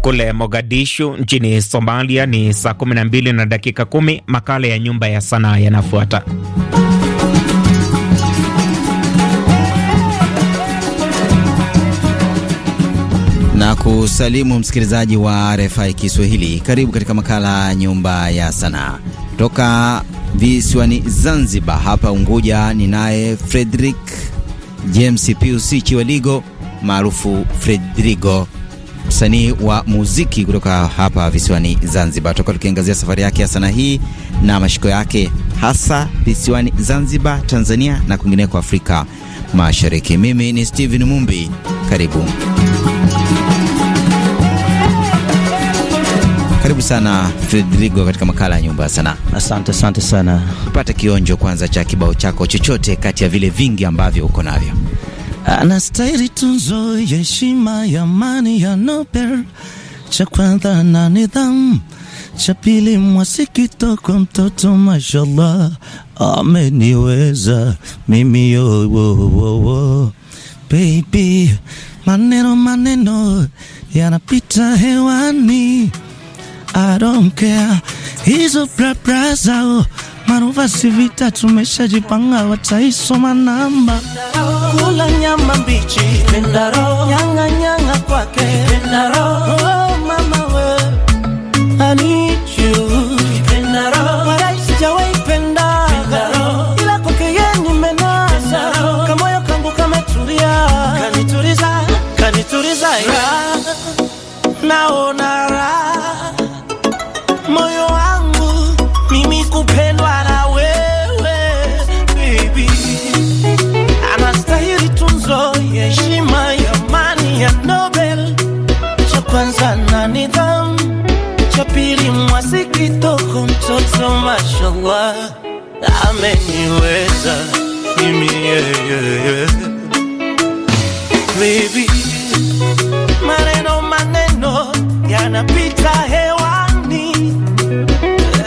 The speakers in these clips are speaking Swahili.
Kule Mogadishu nchini Somalia ni saa 12 na dakika kumi. Makala ya nyumba ya sanaa yanafuata. na kusalimu msikilizaji wa RFI Kiswahili. Karibu katika makala ya nyumba ya sanaa toka visiwani Zanzibar, hapa Unguja. Ni naye Frederick James Pius Chiwaligo maarufu Fredrigo msanii wa muziki kutoka hapa visiwani Zanzibar. Tutakuwa tukiangazia safari yake ya sanaa hii na mashiko yake hasa visiwani Zanzibar, Tanzania na kwingineko Afrika Mashariki. Mimi ni Steven Mumbi, karibu karibu sana Fredrigo katika makala ya nyumba ya sanaa. Asante, asante sana. Tupate kionjo kwanza cha kibao chako chochote kati ya vile vingi ambavyo uko navyo. Ah, anastahili tunzo ya heshima ya amani ya Nobel, cha kwanza na nidhamu, cha pili mwasikito kwa mtoto. Mashallah, ameniweza mimi yo wo, wo, wo. Baby, maneno maneno yanapita hewani, I don't care hizo bra bra zao Maruvasi vita tumeshajipanga, wataisoma namba. Kula nyama mbichi pendaro, nyanga nyanga kwake pendaro. Oh mama we, I need you pendaro, mara sijawahi penda ila kwake nimena, kamoyo kangu kametulia, naona Baby, maneno maneno yanapita hewani.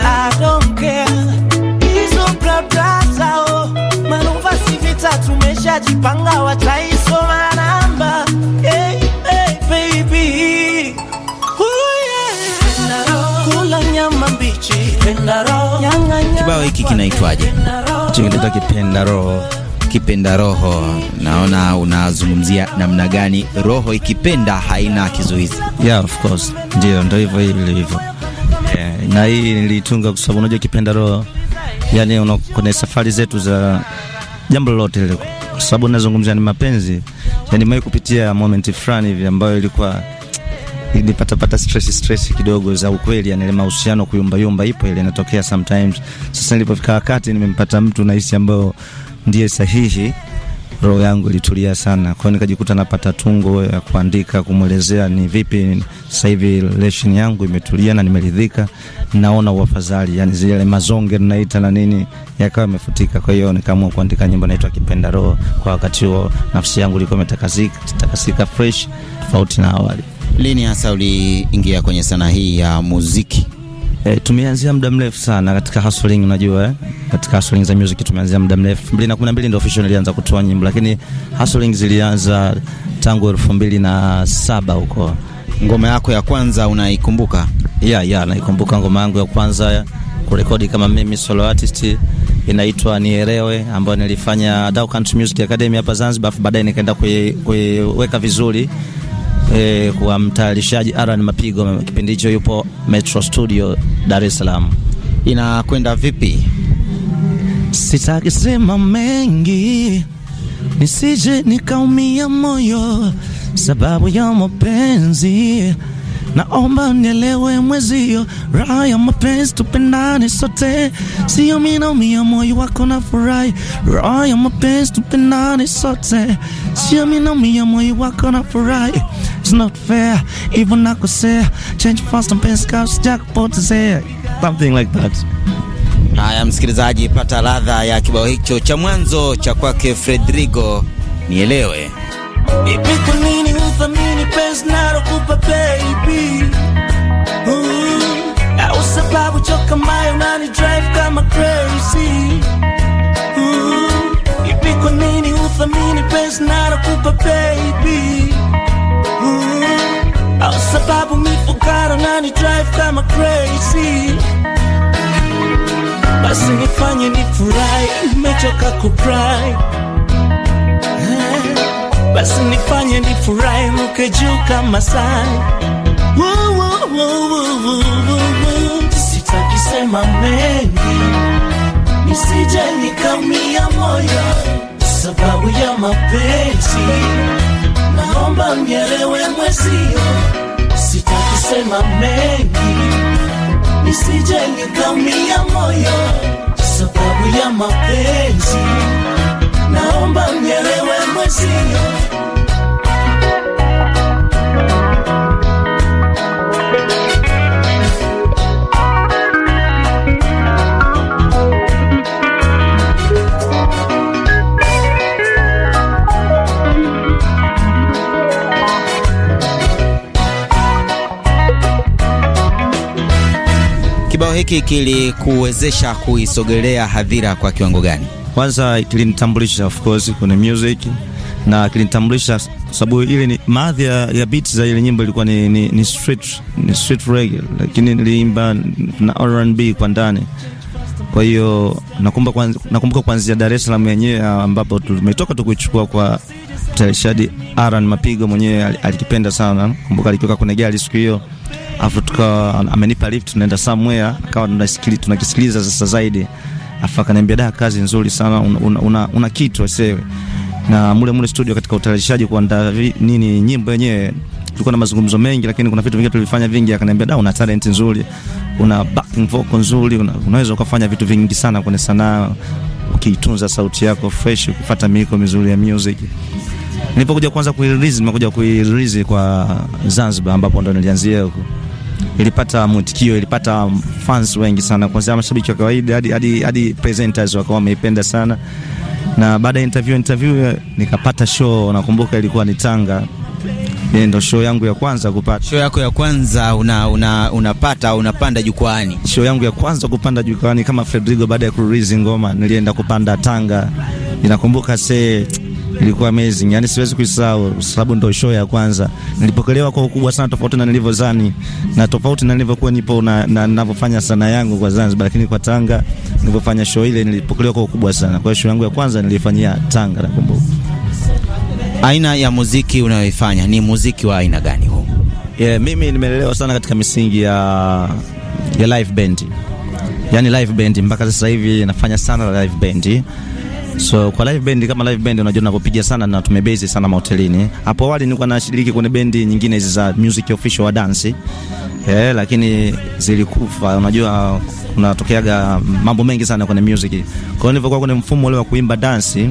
I don't care. Hizo blabla zao manuva vita, tumeshajipanga wataisoma namba. Hey, hey, baby. Kula nyama mbichi, kibao hiki kinaitwaje? Hicho kipenda roho Kipenda roho, naona unazungumzia namna gani roho ikipenda haina kizuizi? Yeah, of course, ndio ndio hivyo ilivyo. Yeah, na hii nilitunga kwa sababu unajua kipenda roho, yani kwenye safari zetu za jambo lolote lile, kwa sababu nazungumzia ni mapenzi, yani mimi kupitia moment fulani hivi ambayo ilikuwa nilipata pata stress stress kidogo za ukweli, yani ile mahusiano kuyumba yumba ipo ile inatokea sometimes. Sasa nilipofika wakati nimempata mtu nahisi ambayo ndiye sahihi, roho yangu ilitulia sana. Kwa hiyo nikajikuta napata tungo ya kuandika, kumwelezea ni vipi sasa hivi relation yangu imetulia na nimeridhika, naona uafadhali, yani zile mazonge naita na nini yakawa yamefutika. Kwa hiyo nikaamua kuandika nyimbo inaitwa Kipenda Roho. Kwa wakati huo nafsi yangu ilikuwa imetakasika takasika fresh, tofauti na awali. Lini hasa uliingia kwenye sanaa hii ya muziki? E, tumeanzia muda mrefu sana katika hustling, unajua eh? Katika hustling za music tumeanzia muda mrefu. 2012 ndio official nilianza kutoa nyimbo, lakini hustling zilianza tangu 2007 huko. Ngoma yako ya kwanza unaikumbuka? Yeah, yeah, naikumbuka ngoma yangu ya kwanza kurekodi kama mimi solo artist inaitwa Nielewe ambayo nilifanya Dau Country Music Academy hapa Zanzibar, baadaye nikaenda kuiweka vizuri eh, kwa mtayarishaji Aran Mapigo. Kipindi hicho yupo Metro Studio Dar es Salaam. Inakwenda vipi? Sitaki sema mengi nisije nikaumia moyo sababu ya mapenzi. Naomba nielewe mwezio, raha ya mapenzi, tupendane sote, sio mimi naumia moyo wako na furahi. Raha ya mapenzi, tupendane sote, sio mimi naumia moyo wako na furahi It's not fair, even could say, change fast and pace, cause pesa kabla sijakupotezea, something like that. Haya, msikilizaji, pata ladha ya kibao hicho cha mwanzo cha kwake Fredrigo, nielewe Ipi kwa nini uthamini pesa narokupa baby sababu na ni drive kama crazy basi nifanye ni furahi mechoka kuprai eh, basi nifanye ni furahi muke juu kama sai sitakisema mengi nisije nikamia moyo sababu ya mapenzi naomba mnyelewe mwezio kusema mengi nisije nikaumia moyo sababu ya mapenzi, naomba mnyelewe mwezio hiki kilikuwezesha kuisogelea hadhira kwa kiwango gani? Kwanza kilinitambulisha of course kwenye music na kilinitambulisha sababu ile ni maadhi ya beat za ile nyimbo ilikuwa ni, ni, ni street ni street reggae, lakini niliimba na R&B kwa ndani. Kwa hiyo nakumbuka kwanzia Dar es Salaam yenyewe ambapo tumetoka tukuichukua kwa mtayarishaji Aaron Mapigo mwenyewe alikipenda sana, kumbuka alikiweka kwenye gari siku hiyo, afu tukawa amenipa lift, tunaenda somewhere, akawa tunakisikiliza sasa zaidi, afu akaniambia da, kazi nzuri sana, una, una, una kitu asewe na mule mule studio katika utayarishaji kuandaa nini nyimbo yenyewe, tulikuwa na mazungumzo mengi, lakini kuna vitu vingine tulivifanya vingi. Akaniambia da, una talent nzuri, una backing vocal nzuri, una, unaweza ukafanya vitu vingi sana kwenye sanaa ukiitunza sauti yako fresh, ukifuata miiko mizuri ya music. Nilipokuja kwanza kuirelease, nimekuja kuirelease kwa Zanzibar ambapo ndo nilianzia huko. Ilipata mwitikio, ilipata fans wengi sana, kuanzia mashabiki wa kawaida hadi hadi hadi presenters wakawa wameipenda sana, na baada ya interview interview nikapata show, nakumbuka ilikuwa ni Tanga Yeah, ndo show yangu ya kwanza kupata. Show yako ya kwanza una, una, unapata au unapanda jukwani? Show yangu ya kwanza kupanda jukwani kama Fredrigo baada ya kurelease ngoma nilienda kupanda Tanga. Ninakumbuka se ilikuwa amazing. yani siwezi kuisahau sababu ndo show ya kwanza. Nilipokelewa kwa ukubwa sana tofauti na nilivyozani na tofauti na nilivyokuwa nipo na ninavyofanya na sanaa yangu kwa Zanzibar, lakini kwa Tanga nilipofanya show ile nilipokelewa kwa ukubwa sana. Kwa hiyo show yangu ya kwanza nilifanyia Tanga nakumbuka. Aina ya muziki unayoifanya ni muziki wa aina gani huu? Yeah, mimi nimelelewa sana katika misingi ya, ya live band, yaani live band. Mpaka sasa hivi nafanya sana live band. So kwa live band, kama live band unajua ninapopiga sana na tumebezi sana mahotelini. Hapo awali nilikuwa nashiriki kwenye bendi nyingine hizi za music official wa dance yeah, lakini zilikufa. Unajua kunatokeaga mambo mengi sana kwenye music, kwa hiyo nilipokuwa kwenye mfumo ule wa kuimba dance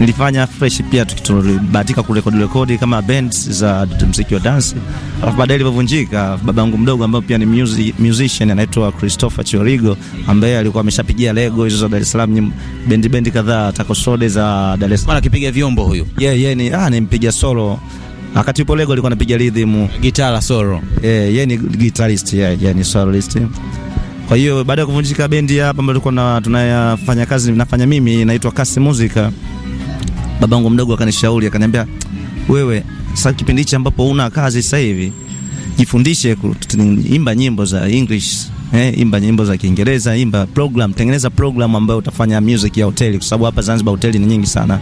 nilifanya fresh pia, tulibahatika kurekodi rekodi kama bands za muziki wa dance, alafu baadaye ilivyovunjika, yangu mdogo ambaye pia ni music, musician anaitwa Christopher Chiorigo ambaye alikuwa ameshapigia lego hizo za Dar es Salaam, bendi bendi kadhaa takosode za Dar es Salaam, anakipiga vyombo huyo. Yeah, yeah, ni ah, ni mpiga solo wakati upo lego alikuwa anapiga rhythm gitara solo. Yeah, yeah, ni guitarist, yeah, yeah, ni soloist. Kwa hiyo baada ya kuvunjika bendi hapa ambayo tulikuwa tunayafanya kazi nafanya mimi, inaitwa Kasi Musica babangu mdogo akanishauri akaniambia, wewe sasa kipindi hichi ambapo una kazi sasa hivi jifundishe imba nyimbo za English eh, imba nyimbo za Kiingereza, imba program, tengeneza program ambayo utafanya music ya hoteli, kwa sababu hapa Zanzibar hoteli ni nyingi sana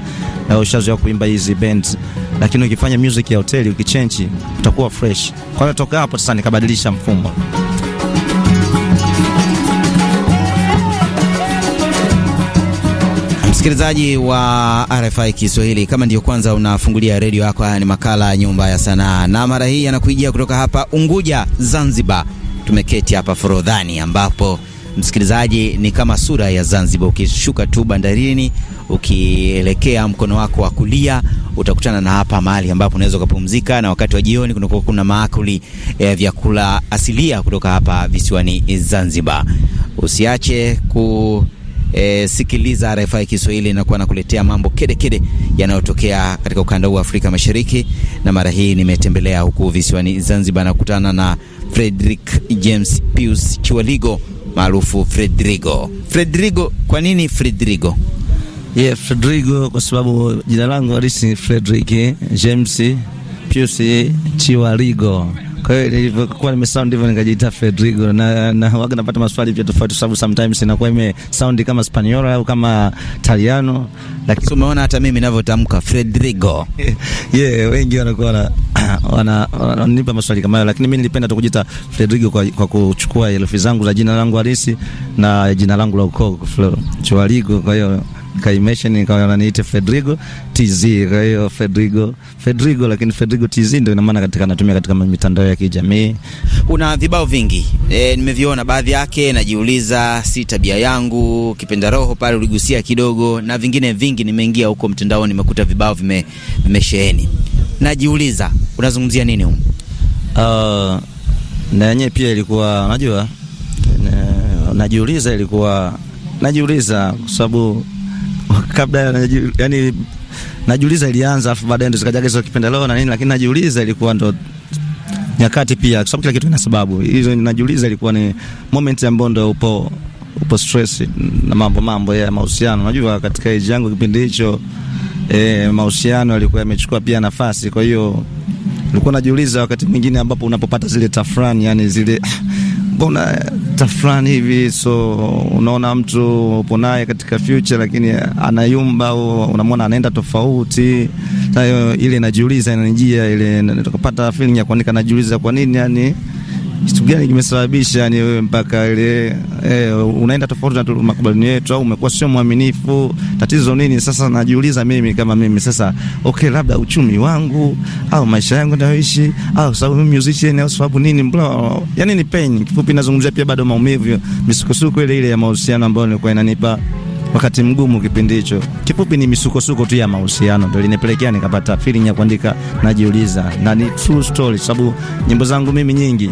na ushazoea kuimba hizi bands, lakini ukifanya music ya hoteli ukichange, utakuwa fresh. Kwa hiyo toka hapo sasa nikabadilisha mfumo. Msikilizaji wa RFI Kiswahili, kama ndiyo kwanza unafungulia redio yako, haya ni makala ya Nyumba ya Sanaa, na mara hii yanakuijia kutoka hapa Unguja, Zanzibar. Tumeketi hapa Forodhani ambapo msikilizaji, ni kama sura ya Zanzibar. Ukishuka tu bandarini, ukielekea mkono wako wa kulia utakutana na hapa mahali ambapo unaweza ukapumzika, na wakati wa jioni kunakuwa kuna maakuli ya vyakula asilia kutoka hapa visiwani Zanzibar. Usiache ku E, sikiliza RFI Kiswahili inakuwa nakuletea mambo kede kede yanayotokea katika ukanda huu wa Afrika Mashariki, na mara hii nimetembelea huku visiwani Zanzibar na kukutana na Frederick James Pius Chiwaligo maarufu Fredrigo. Fredrigo, kwa nini Fredrigo? Yeah, Fredrigo kwa sababu jina langu halisi Frederick James Pius Chiwaligo. Kwa hiyo ilivyokuwa nilivyokuwa sound hivyo nikajiita Fedrigo, na, na waga napata maswali pia tofauti, sababu sometimes inakuwa ime sound kama Spaniola au kama Italiano, lakini umeona hata mimi ninavyotamka Fedrigo yeah, wengi wanakuwa na wana wana, wananipa maswali kama hayo, lakini mimi nilipenda tu kujiita Fedrigo kwa, kwa kuchukua herufi zangu za jina langu halisi na jina langu la ukoo Floro Chualigo, kwa hiyo Kaimesha nikaona niite Fedrigo TZ. Kwa hiyo Fedrigo Fedrigo, lakini Fedrigo TZ ndio ina maana katika natumia katika mitandao ya kijamii. Una vibao vingi e, nimeviona baadhi yake, najiuliza si tabia yangu, kipenda roho pale uligusia kidogo, na vingine vingi. Nimeingia huko mtandao nimekuta vibao vime vimesheheni, najiuliza unazungumzia nini huko? Uh, na yenyewe pia ilikuwa unajua, najiuliza ilikuwa najiuliza kwa sababu kabla yani najiuliza ilianza, afu baadaye ndo zikajaga hizo kipendeleo na nini, lakini najiuliza ilikuwa ndo nyakati pia, kwa sababu kila kitu ina sababu hizo. Najiuliza ilikuwa ni moment ambayo ndo upo upo stress na mambo mambo ya mahusiano. Unajua, katika age yangu kipindi hicho e, mahusiano yalikuwa yamechukua pia nafasi, kwa hiyo nilikuwa najiuliza wakati mwingine ambapo unapopata zile tafrani, yani zile mbona tafrani hivi, so unaona mtu upo naye katika future, lakini anayumba au unamwona anaenda tofauti. Sasa ile inajiuliza, inanijia ile, nikapata feeling ya kuandika, najiuliza kwa nini yani kitu gani kimesababisha ni yaani wewe mpaka ile eh, unaenda tofauti na makubaliano yetu, au umekuwa sio mwaminifu? Tatizo nini? Sasa najiuliza mimi kama mimi sasa, okay, labda uchumi wangu au maisha yangu nayoishi, au sababu mimi musician, au sababu nini bla, yani ni pain kifupi. Nazungumzia pia bado maumivu, misukosuko ile ile ya mahusiano ambayo nilikuwa inanipa wakati mgumu kipindi hicho. Kifupi ni misukosuko tu ya mahusiano ndio linipelekea nikapata feeling ya kuandika Najiuliza, na ni true story, sababu nyimbo zangu mimi nyingi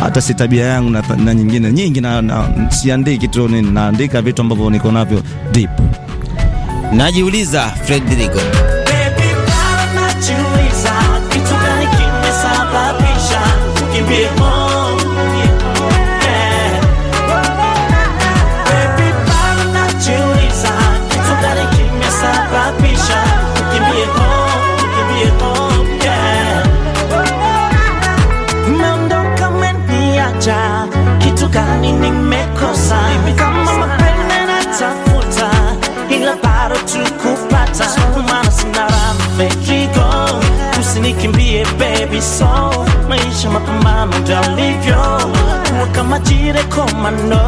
hata si tabia yangu na, na nyingine nyingi na, na siandiki tu, naandika vitu ambavyo niko navyo deep. Najiuliza Fredrigo Baby, kuja, kitu gani nimekosa? Kama mapenzi natafuta, ila bado tu kupata, maana sina raha mviringo, usinikimbie baby so kuonyesha mapambano ndalivyo, kuwa kama jire komando.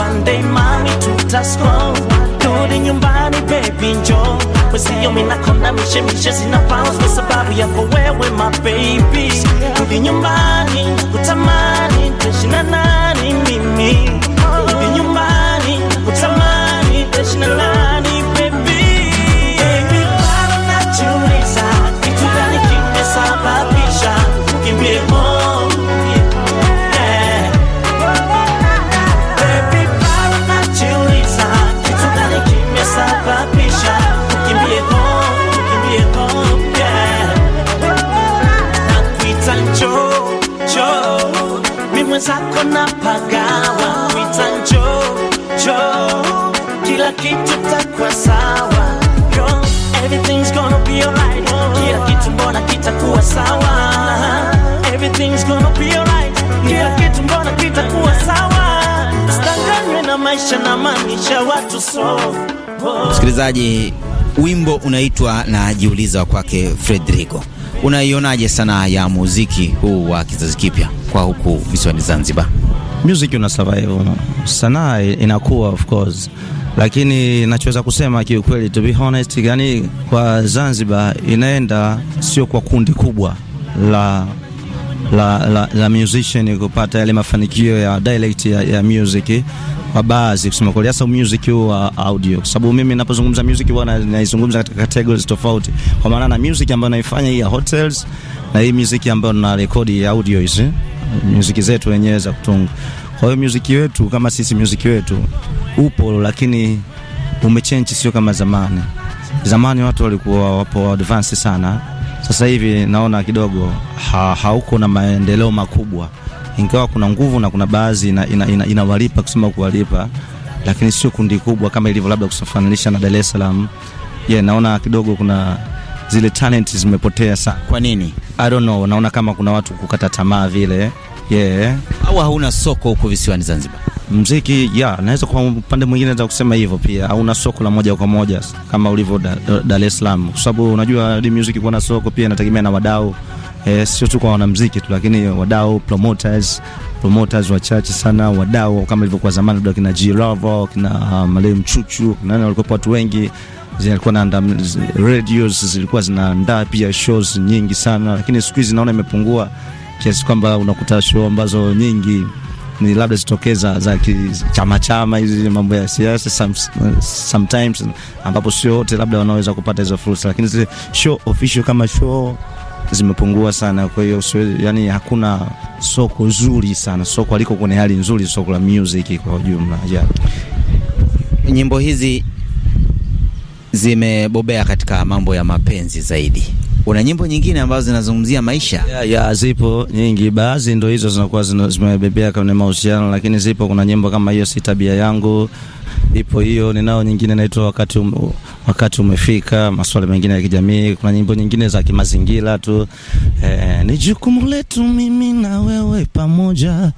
One day mami, tutascroll turudi nyumbani, baby njo wesio minakona mishemishe zina pause kwa sababu yako wewe, my baby, rudi nyumbani, kutamani tashina nani mimi, rudi nyumbani Msikilizaji, wimbo unaitwa na wa kwake Fredrigo. Unaionaje sanaa ya muziki huu wa kizazi kipya kwa huku visiwani Zanzibar? Music una survive, sanaa inakuwa of course, lakini nachoweza kusema kiukweli, to be honest, yani kwa Zanzibar inaenda sio kwa kundi kubwa la la, la, la musician kupata yale mafanikio ya dialect ya, ya music kwa baadhi kusema kweli, hasa music wa uh, audio, kwa sababu mimi ninapozungumza music bwana, naizungumza katika categories tofauti, kwa maana na music ambayo naifanya hii ya hotels na hii music ambayo na record ya audio hizi music zetu wenyewe za kutunga. Kwa hiyo music wetu kama sisi, music wetu upo, lakini umechange, sio kama zamani. Zamani watu walikuwa wapo advanced sana sasa hivi naona kidogo ha, hauko na maendeleo makubwa, ingawa kuna nguvu na kuna baadhi inawalipa ina, ina, ina kusema kuwalipa, lakini sio kundi kubwa kama ilivyo labda kusafananisha na Dar es Salaam. Yeah, naona kidogo kuna zile talent zimepotea sana. Kwa nini? I don't know, naona kama kuna watu kukata tamaa vile. Yeah. Au hauna soko huko visiwani Zanzibar? mziki ya naweza kwa upande mwingine naweza kusema hivyo pia, au na soko la moja kwa moja kama ulivyo Dar es Salaam, kwa sababu unajua di music kuwa na soko pia inategemea na wadau eh, sio tu kwa wanamuziki tu, lakini wadau promoters promoters wachache sana, wadau kama ilivyokuwa zamani, labda kina G Love kina ah, Malem Chuchu na walikuwa watu wengi zilikuwa na radios zilikuwa zinaandaa pia shows nyingi sana, lakini siku hizi naona imepungua kiasi kwamba unakuta show ambazo nyingi ni labda zitokeza za chama chama hizi mambo ya siasa some, sometimes ambapo sio wote labda wanaweza kupata hizo fursa, lakini zile show official kama show zimepungua sana. Kwa hiyo yani, hakuna soko zuri sana, soko aliko kwenye hali nzuri, soko la music kwa ujumla yeah. Nyimbo hizi zimebobea katika mambo ya mapenzi zaidi Una nyimbo nyingine ambazo zinazungumzia maisha ya, ya, zipo nyingi, baadhi ndio hizo zinakuwa zimebebea kwenye mahusiano, lakini zipo, kuna nyimbo kama hiyo si tabia yangu, ipo hiyo. Ninao nyingine naitwa wakati, um, wakati umefika, masuala mengine ya kijamii. Kuna nyimbo nyingine za kimazingira tu e, ni jukumu letu mimi na wewe pamoja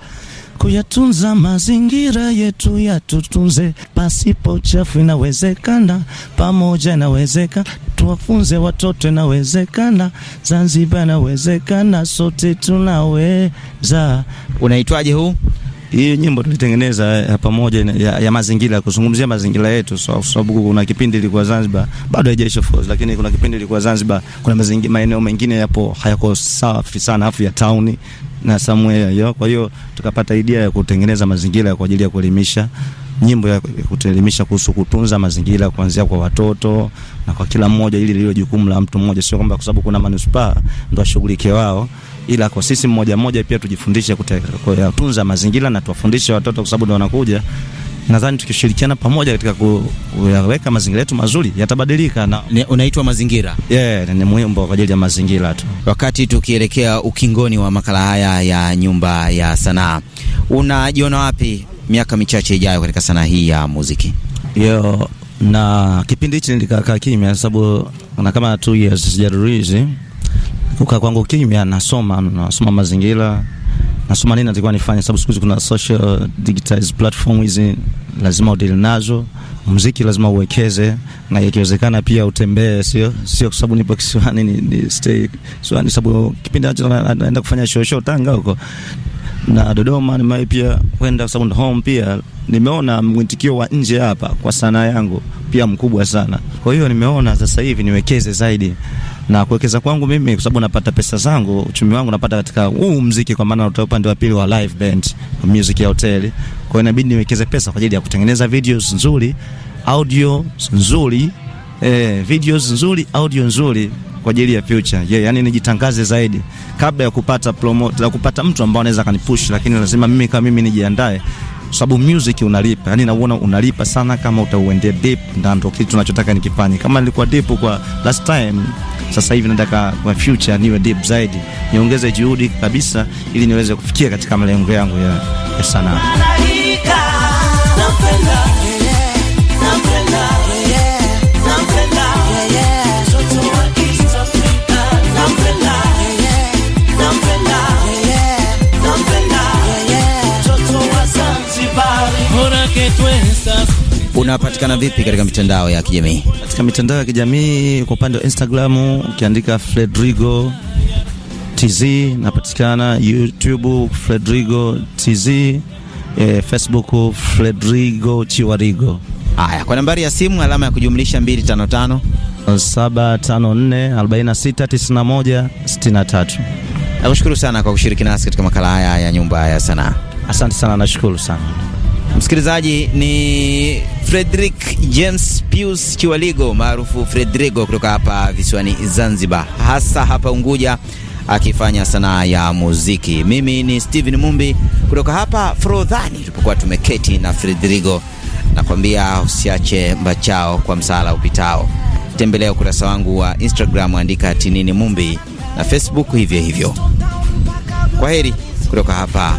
kuyatunza mazingira yetu, yatutunze pasipo chafu, inawezekana, pamoja inawezekana tuwafunze watoto, inawezekana. Zanzibar inawezekana, sote tunaweza. Unaitwaje huu? Hii nyimbo tulitengeneza eh, pamoja ya, ya mazingira, kuzungumzia mazingira yetu, so, sababu kuna kipindi ilikuwa Zanzibar bado haijaisha force, lakini kuna kipindi ilikuwa Zanzibar kuna mazingira, maeneo mengine yapo hayako safi sana, afu ya town na somewhere hiyo. Kwa hiyo tukapata idea ya kutengeneza mazingira kwa ajili ya kuelimisha nyimbo ya kutuelimisha kuhusu kutunza mazingira kuanzia kwa watoto na kwa kila mmoja, ili lilo jukumu la mtu mmoja, sio kwamba kwa sababu kuna manispaa ndo washughulike wao, ila kwa sisi mmoja mmoja pia tujifundishe kutunza mazingira na tuwafundishe watoto, kwa sababu ndo wanakuja. Nadhani tukishirikiana pamoja katika kuyaweka mazingira yetu mazuri yatabadilika. Na unaitwa mazingira, yeah, ni mwimbo kwa ajili ya mazingira tu. Wakati tukielekea ukingoni wa makala haya ya Nyumba ya Sanaa, unajiona wapi miaka michache ijayo katika sanaa hii ya muziki? Yo, na kipindi hichi nilikaa kimya sababu na kama two years sijarudi kuka kwangu kimya, nasoma nasoma mazingira nasoma nini natakiwa nifanye, sababu siku hizi kuna social digitized platform hizi lazima udili nazo. Muziki lazima uwekeze, na ikiwezekana pia utembee, sio sio kwa sababu nipo kisiwani ni, ni stay kisiwani, sababu kipindi nacho naenda kufanya show show Tanga huko na Dodoma nimewahi pia kwenda sound home pia nimeona mwitikio wa nje hapa kwa sanaa yangu pia mkubwa sana. Kwa hiyo nimeona sasa hivi niwekeze zaidi na kuwekeza kwangu mimi, kwa sababu napata pesa zangu, uchumi wangu napata katika huu mziki, kwa maana uta upande wa pili wa live band music ya hoteli. Kwa hiyo inabidi niwekeze pesa kwa ajili ya kutengeneza videos nzuri, audio nzuri, eh, videos nzuri, audio nzuri kwa ajili ya future yeah, yani nijitangaze zaidi kabla ya kupata promote, na kupata mtu ambaye anaweza kanipush, lakini lazima mimi kama mimi nijiandae sababu music unalipa, yani naona unalipa sana kama utauendea deep, na ndio kitu tunachotaka nikifanye. Kama nilikuwa deep kwa last time, sasa hivi nataka kwa future niwe deep zaidi, niongeze juhudi kabisa, ili niweze kufikia katika malengo yangu ya, ya sanaa. unapatikana vipi katika mitandao ya kijamii? Katika mitandao ya kijamii kwa upande wa Instagram ukiandika Fredrigo TZ napatikana, YouTube Fredrigo TZ, e, eh, Facebook Fredrigo Chiwarigo. Haya, kwa nambari ya simu alama ya kujumlisha 255 754 Nakushukuru sana kwa kushiriki nasi katika makala haya ya nyumba ya sanaa. Asante sana, nashukuru sana msikilizaji ni Frederick James Pius Kiwaligo maarufu Fredrigo kutoka hapa visiwani Zanzibar, hasa hapa Unguja akifanya sanaa ya muziki. Mimi ni Steven Mumbi kutoka hapa Forodhani tulipokuwa tumeketi na Fredrigo, nakwambia usiache mbachao kwa msala upitao. Tembelea ukurasa wangu wa Instagram, andika tinini Mumbi na Facebook hivyo hivyo. Kwa heri kutoka hapa